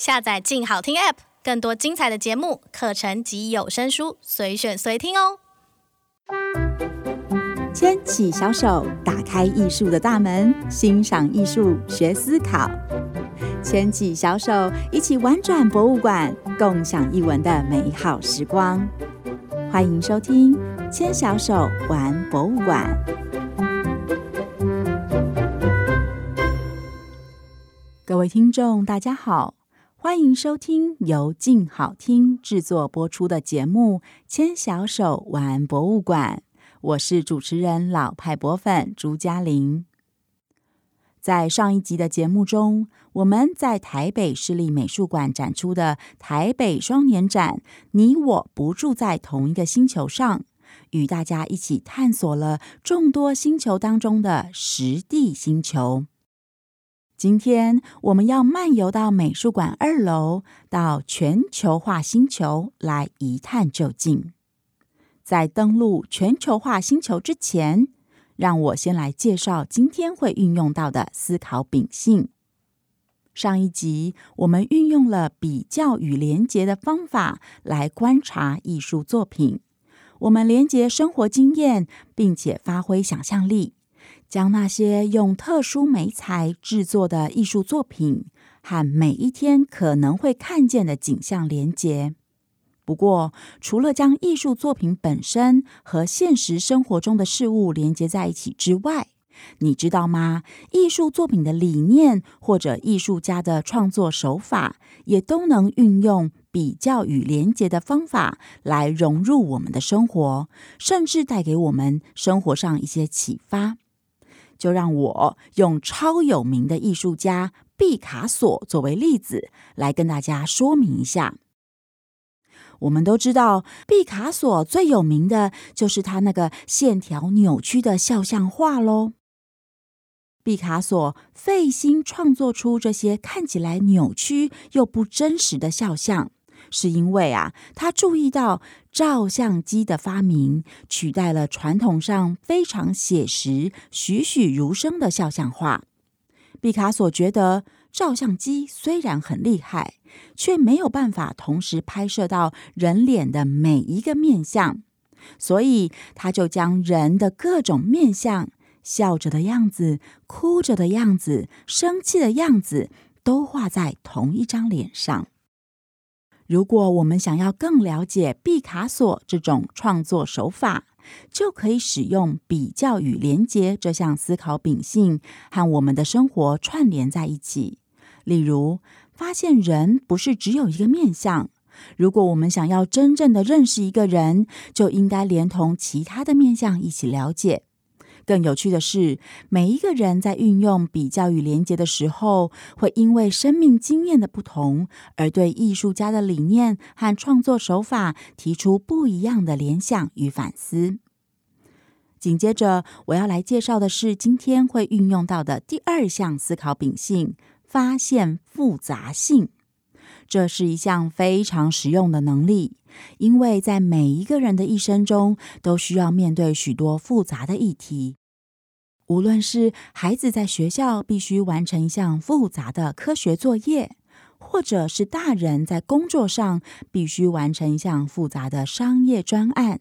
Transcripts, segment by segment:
下載“鏡好聽 ”App，更多精彩的節目、課程及有聲書，隨選隨聽哦！牽起小手，打開藝術的大門，欣賞藝術，學思考。牽起小手，一起玩轉博物館，共享藝文的美好時光。歡迎收聽《牽小手玩博物館》。各位聽眾，大家好。歡迎收聽由靜好聽製作播出的節目《牽小手玩博物館》，我是主持人老派博粉朱家琳。在上一集的節目中，我們在台北市立美術館展出的台北雙年展《你我不住在同一個星球上》，與大家一起探索了眾多星球當中的實地星球。今天我們要漫遊到美術館二樓，到全球化星球來一探究竟。在登陸全球化星球之前，讓我先來介紹今天會運用到的思考秉性。上一集我們運用了比較與連結的方法來觀察藝術作品，我們連結生活經驗，並且發揮想象力。將那些用特殊媒材製作的藝術作品和每一天可能會看見的景象連接。不過，除了將藝術作品本身和現實生活中的事物連接在一起之外，你知道嗎？藝術作品的理念或者藝術家的創作手法，也都能運用比較與連接的方法來融入我們的生活，甚至帶給我們生活上一些啟發。就讓我用超有名的藝術家畢卡索作為例子來跟大家說明一下。我們都知道，畢卡索最有名的就是他那個線條扭曲的肖像畫嘍。畢卡索費心創作出這些看起來扭曲又不真實的肖像。是因為啊，他注意到照相機的發明取代了傳統上非常寫實、栩栩如生的肖像畫。畢卡索覺得照相機雖然很厲害，卻沒有辦法同時拍攝到人臉的每一個面相，所以他就將人的各種面相、笑着的樣子、哭着的樣子、生氣的樣子都畫在同一張臉上。如果我們想要更了解畢卡索這種創作手法，就可以使用比較與連接這項思考秉性，和我們的生活串聯在一起。例如，發現人不是只有一個面向。如果我們想要真正的認識一個人，就應該連同其他的面向一起了解。更有趣的是，每一個人在運用比較與連結的時候，會因為生命經驗的不同，而對藝術家的理念和創作手法提出不一樣的聯想與反思。緊接着，我要來介紹的是今天會運用到的第二項思考秉性——發現複雜性。這是一項非常實用的能力，因為在每一個人的一生中，都需要面對許多複雜的議題。無論是孩子在學校必須完成一項複雜的科學作業，或者是大人在工作上必須完成一項複雜的商業專案，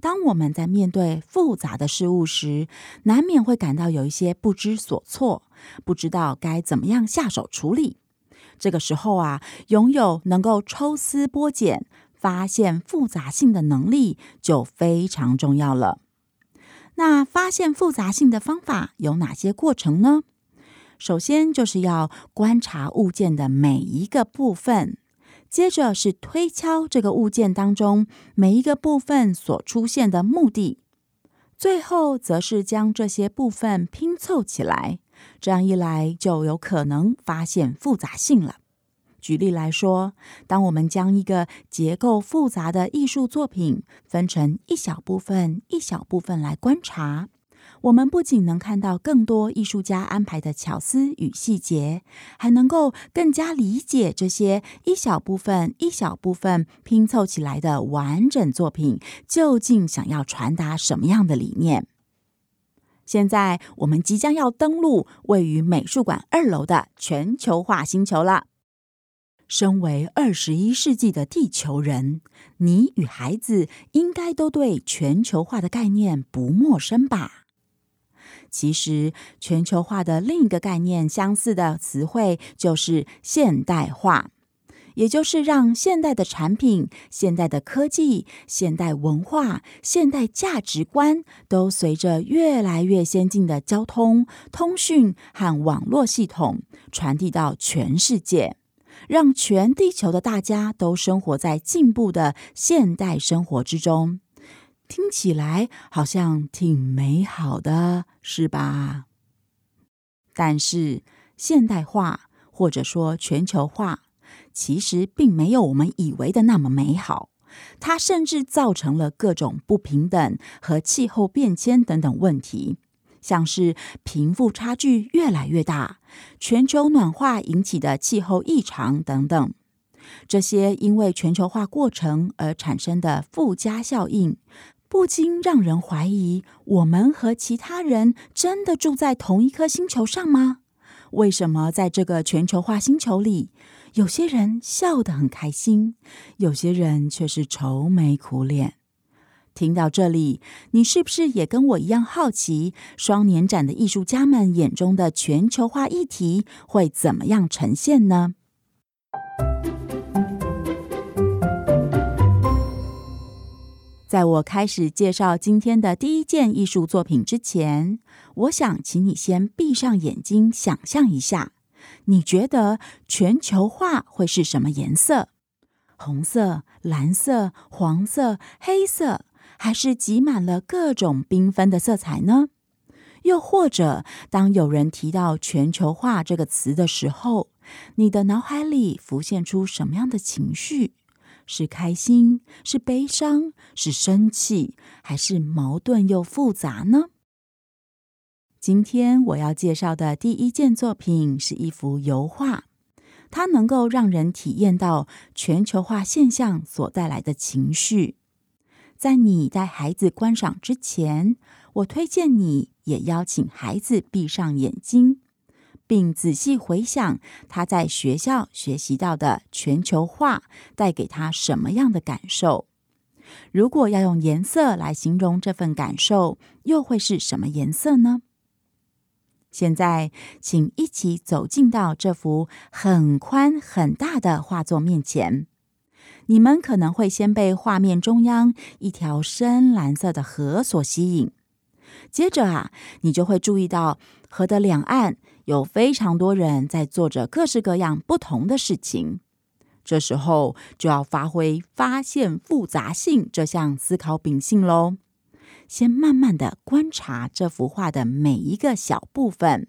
當我們在面對複雜的事物時，難免會感到有一些不知所措，不知道該怎麼樣下手處理。這個時候啊，擁有能夠抽絲剝繭、發現複雜性的能力就非常重要了。那發現複雜性的方法有哪些過程呢？首先就是要觀察物件的每一個部分，接着是推敲這個物件當中每一個部分所出現的目的，最後則是將這些部分拼湊起來，這樣一來就有可能發現複雜性了。舉例來說，當我們將一個結構複雜的藝術作品分成一小部分一小部分來觀察，我們不僅能看到更多藝術家安排的巧思與細節，還能夠更加理解這些一小部分一小部分拼湊起來的完整作品究竟想要傳達什麼樣的理念。現在，我們即將要登陸位於美術館二樓的全球化星球了。身為二十一世紀的地球人，你與孩子應該都對全球化的概念不陌生吧？其實，全球化的另一個概念相似的詞彙就是現代化，也就是讓現代的產品、現代的科技、現代文化、現代價值觀都隨着越來越先進的交通、通訊和網絡系統傳遞到全世界。讓全地球的大家都生活在進步的現代生活之中，聽起來好像挺美好的，是吧？但是現代化或者說全球化，其實並沒有我們以為的那麼美好，它甚至造成了各種不平等和氣候變遷等等問題。像是貧富差距越來越大、全球暖化引起的氣候異常等等，這些因為全球化過程而產生的附加效應，不禁讓人懷疑：我們和其他人真的住在同一顆星球上嗎？為什麼在這個全球化星球裡，有些人笑得很開心，有些人卻是愁眉苦臉？聽到這裡，你是不是也跟我一樣好奇？雙年展的藝術家們眼中的全球化議題會怎麼樣呈現呢？在我開始介紹今天的第一件藝術作品之前，我想請你先閉上眼睛，想象一下，你覺得全球化會是什麼顏色？紅色、藍色、黃色、黑色？還是擠滿了各種繽紛的色彩呢？又或者，當有人提到“全球化”這個詞的時候，你的腦海裡浮現出什麼樣的情緒？是開心？是悲傷？是生氣？還是矛盾又複雜呢？今天我要介紹的第一件作品是一幅油畫，它能夠讓人體驗到全球化現象所帶來的情緒。在你帶孩子觀賞之前，我推薦你也邀請孩子閉上眼睛，並仔細回想他在學校學習到的全球化帶給他什麼樣的感受。如果要用顏色來形容這份感受，又會是什麼顏色呢？現在，請一起走進到這幅很寬很大的畫作面前。你們可能會先被畫面中央一條深藍色的河所吸引，接着啊，你就會注意到河的兩岸有非常多人在做着各式各樣不同的事情。這時候就要發揮發現複雜性這項思考秉性嘍，先慢慢的觀察這幅畫的每一個小部分，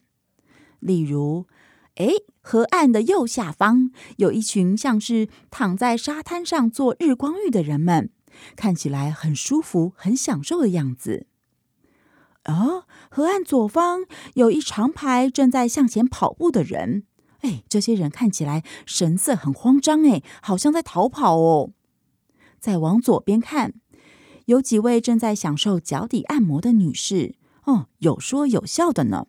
例如，哎。河岸的右下方有一群像是躺在沙灘上做日光浴的人們，看起來很舒服、很享受的樣子。哦，河岸左方有一長排正在向前跑步的人，哎，這些人看起來神色很慌張，哎，好像在逃跑哦。再往左邊看，有幾位正在享受腳底按摩的女士，哦，有說有笑的呢。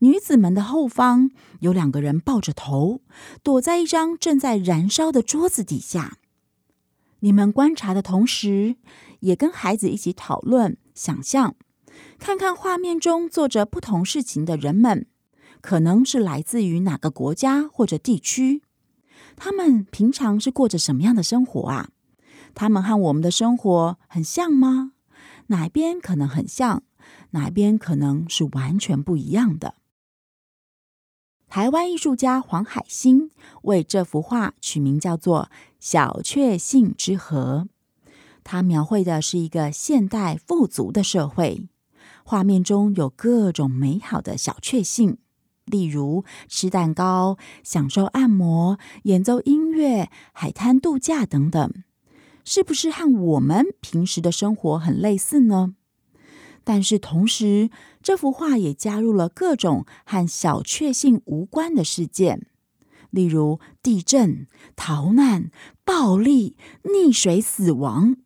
女子們的後方有兩個人抱着頭，躲在一張正在燃燒的桌子底下。你們觀察的同時，也跟孩子一起討論、想象，看看畫面中做着不同事情的人們，可能是來自於哪個國家或者地區？他們平常是過着什麼樣的生活啊？他們和我們的生活很像嗎？哪一邊可能很像？哪一邊可能是完全不一樣的。臺灣藝術家黃海心為這幅畫取名叫做《小確幸之河》，它描繪的是一個現代富足的社會。畫面中有各種美好的小確幸，例如吃蛋糕、享受按摩、演奏音樂、海灘度假等等，是不是和我們平時的生活很類似呢？但是同時，這幅畫也加入了各種和小確幸無關的事件，例如地震、逃難、暴力、溺水、死亡，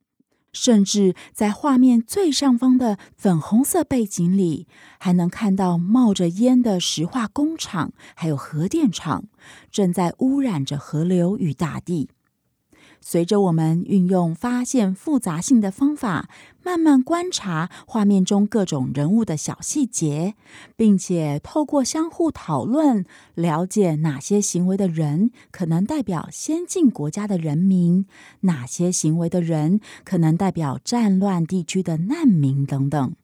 甚至在畫面最上方的粉紅色背景裡，還能看到冒着煙的石化工廠，還有核電廠，正在污染着河流與大地。隨着我們運用發現複雜性的方法，慢慢觀察畫面中各種人物的小細節，並且透過相互討論，了解哪些行為的人可能代表先進國家的人民，哪些行為的人可能代表戰亂地區的難民等等，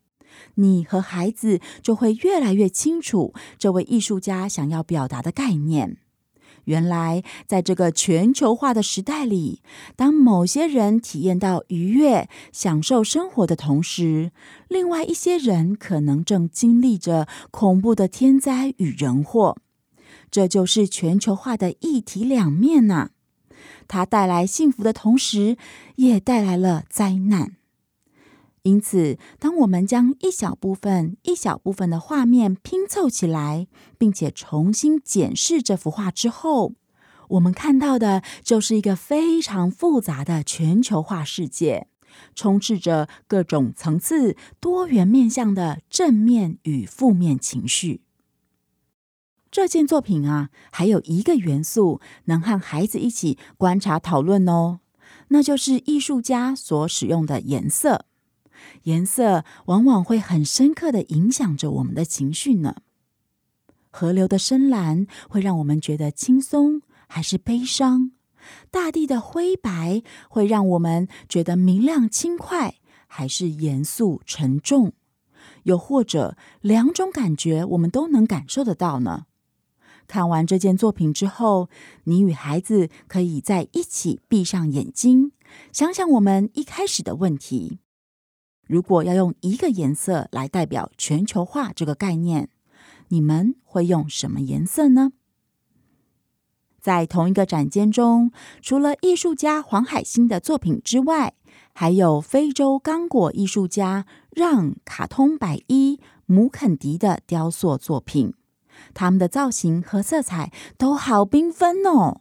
你和孩子就會越來越清楚這位藝術家想要表達的概念。原來，在這個全球化的時代裡，當某些人體驗到愉悅、享受生活的同時，另外一些人可能正經歷着恐怖的天災與人禍。這就是全球化的一體兩面呢啊，它帶來幸福的同時，也帶來了災難。因此，當我們將一小部分、一小部分的畫面拼湊起來，並且重新檢視這幅畫之後，我們看到的就是一個非常複雜的全球化世界，充斥着各種層次、多元面向的正面與負面情緒。這件作品啊，還有一個元素能和孩子一起觀察討論哦，那就是藝術家所使用的顏色。顏色往往會很深刻的影響着我們的情緒呢。河流的深藍會讓我們覺得輕鬆還是悲傷？大地的灰白會讓我們覺得明亮輕快還是嚴肅沉重？又或者兩種感覺我們都能感受得到呢？看完這件作品之後，你與孩子可以在一起閉上眼睛，想想我們一開始的問題。如果要用一個顏色來代表全球化這個概念，你們會用什麼顏色呢？在同一個展間中，除了藝術家黃海星的作品之外，還有非洲剛果藝術家讓卡通百衣姆肯迪的雕塑作品，他們的造型和色彩都好繽紛哦。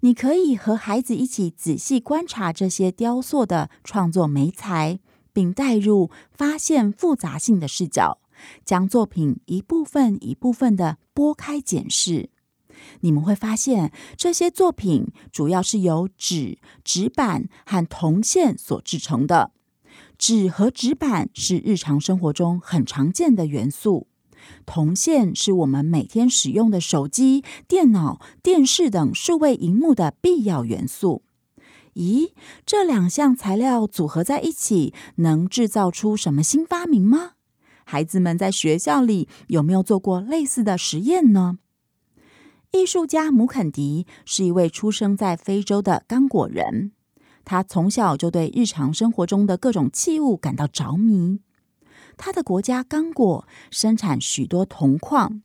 你可以和孩子一起仔細觀察這些雕塑的創作媒材。並帶入發現複雜性的視角，將作品一部分一部分的撥開檢視，你們會發現這些作品主要是由紙、紙板和銅線所制成的。紙和紙板是日常生活中很常見的元素，銅線是我們每天使用的手機、電腦、電視等數位熒幕的必要元素。咦，這兩項材料組合在一起，能制造出什麼新發明嗎？孩子們在學校裡有沒有做過類似的實驗呢？藝術家姆肯迪是一位出生在非洲的剛果人，他從小就對日常生活中的各種器物感到着迷。他的國家剛果生產許多銅礦，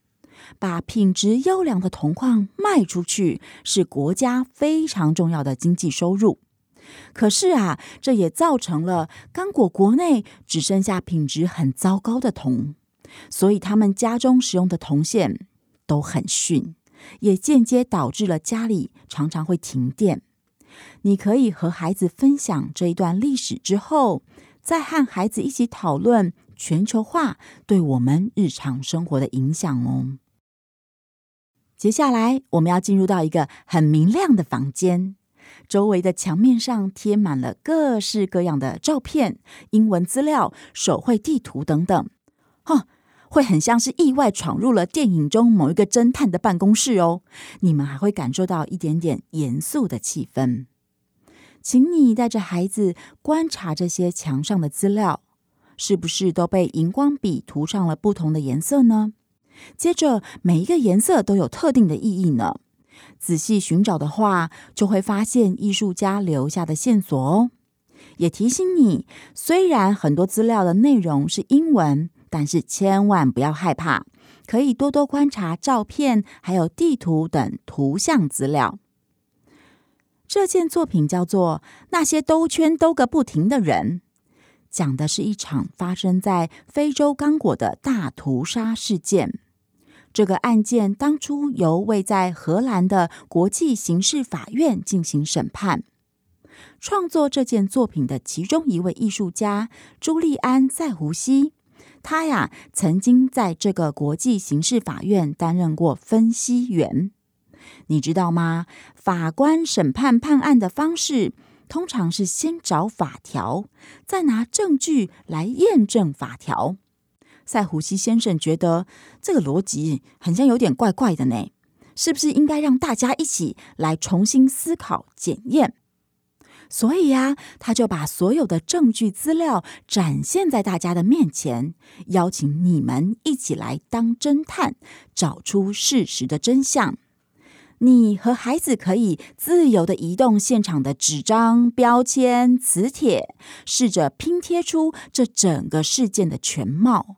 把品質優良的銅礦賣出去，是國家非常重要的經濟收入。可是啊，這也造成了剛果國內只剩下品質很糟糕的銅，所以他們家中使用的銅線都很遜，也間接導致了家裡常常會停電。你可以和孩子分享這一段歷史之後，再和孩子一起討論全球化對我們日常生活的影響哦。接下來，我們要進入到一個很明亮的房間。周圍的牆面上貼滿了各式各樣的照片、英文資料、手繪地圖等等，哈，會很像是意外闖入了電影中某一個偵探的辦公室哦。你們還會感受到一點點嚴肅的氣氛。請你帶着孩子觀察這些牆上的資料，是不是都被熒光筆塗上了不同的顏色呢？接着，每一個顏色都有特定的意義呢。仔細尋找的話，就會發現藝術家留下的線索哦。也提醒你，雖然很多資料的內容是英文，但是千萬不要害怕，可以多多觀察照片，還有地圖等圖像資料。這件作品叫做《那些兜圈兜個不停的人》，講的是一場發生在非洲剛果的大屠殺事件。這個案件當初由位在荷蘭的國際刑事法院進行審判。創作這件作品的其中一位藝術家朱利安塞胡西，他呀曾經在這個國際刑事法院擔任過分析員。你知道嗎？法官審判判案的方式，通常是先找法條，再拿證據來驗證法條。在胡錫先生覺得這個邏輯好像有點怪怪的呢，是不是應該讓大家一起來重新思考、檢驗？所以呀、啊，他就把所有的證據資料展現在大家的面前，邀請你們一起來當偵探，找出事實的真相。你和孩子可以自由地移動現場的紙張、標籤、磁鐵，試着拼貼出這整個事件的全貌。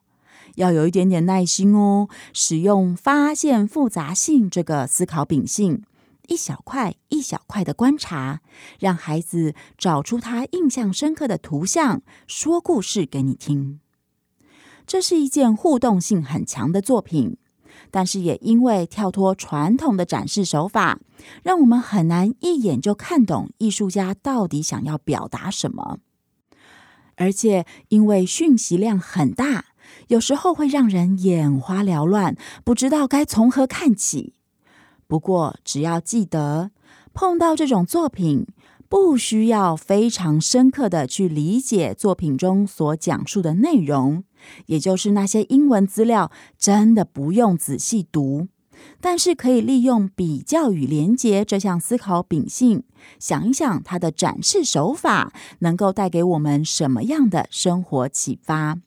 要有一點點耐心哦，使用發現複雜性這個思考秉性，一小塊一小塊的觀察，讓孩子找出他印象深刻的圖像，說故事給你聽。這是一件互動性很強的作品，但是也因為跳脫傳統的展示手法，讓我們很難一眼就看懂藝術家到底想要表達什麼。而且因為訊息量很大，有時候會讓人眼花繚亂，不知道該從何看起。不過，只要記得，碰到這種作品，不需要非常深刻地去理解作品中所講述的內容，也就是那些英文資料，真的不用仔細讀。但是，可以利用比較與連結這項思考秉性，想一想它的展示手法能夠帶給我們什麼樣的生活啟發。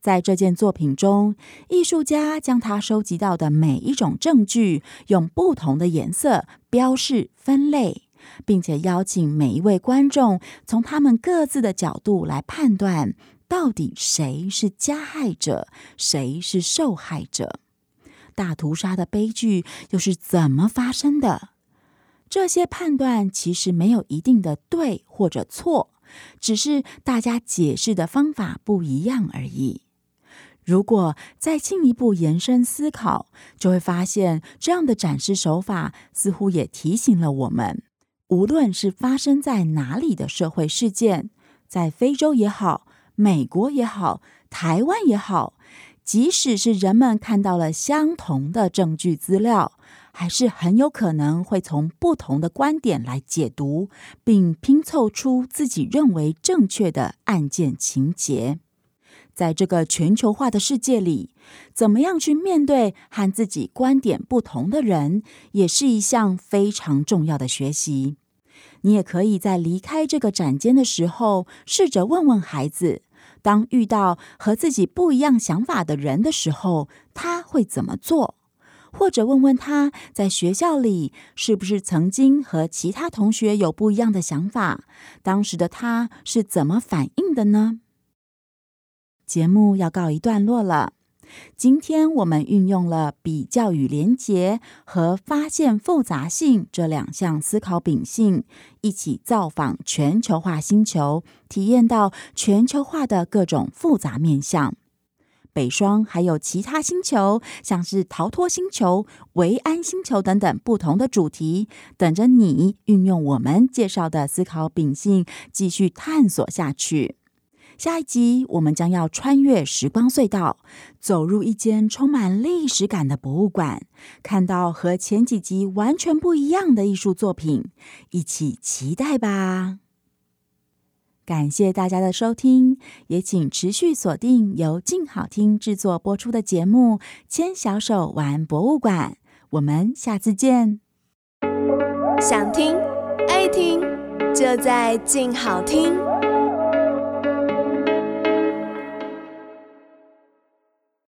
在這件作品中，藝術家將他收集到的每一種證據用不同的顏色標示、分類，並且邀請每一位觀眾從他們各自的角度來判斷，到底誰是加害者，誰是受害者。大屠殺的悲劇又是怎麼發生的？這些判斷其實沒有一定的對或者錯，只是大家解釋的方法不一樣而已。如果再進一步延伸思考，就會發現這樣的展示手法似乎也提醒了我們，無論是發生在哪裡的社會事件，在非洲也好，美國也好，台灣也好，即使是人們看到了相同的證據資料，還是很有可能會從不同的觀點來解讀，並拼湊出自己認為正確的案件情節。在這個全球化的世界裡，怎麼樣去面對和自己觀點不同的人，也是一項非常重要的學習。你也可以在離開這個展間的時候，試着問問孩子，當遇到和自己不一樣想法的人的時候，他會怎麼做？或者問問他在學校裡是不是曾經和其他同學有不一樣的想法，當時的他是怎麼反應的呢？節目要告一段落了。今天我們運用了比較與連結和發現複雜性這兩項思考秉性，一起造訪全球化星球，體驗到全球化的各種複雜面向。北雙還有其他星球，像是逃脫星球、維安星球等等不同的主題，等着你運用我們介紹的思考秉性繼續探索下去。下一集我們將要穿越時光隧道，走入一間充滿歷史感的博物館，看到和前幾集完全不一樣的藝術作品，一起期待吧！感謝大家的收聽，也請持續鎖定由靜好聽制作播出的節目《牽小手玩博物館》，我們下次見！想聽、愛聽，就在靜好聽。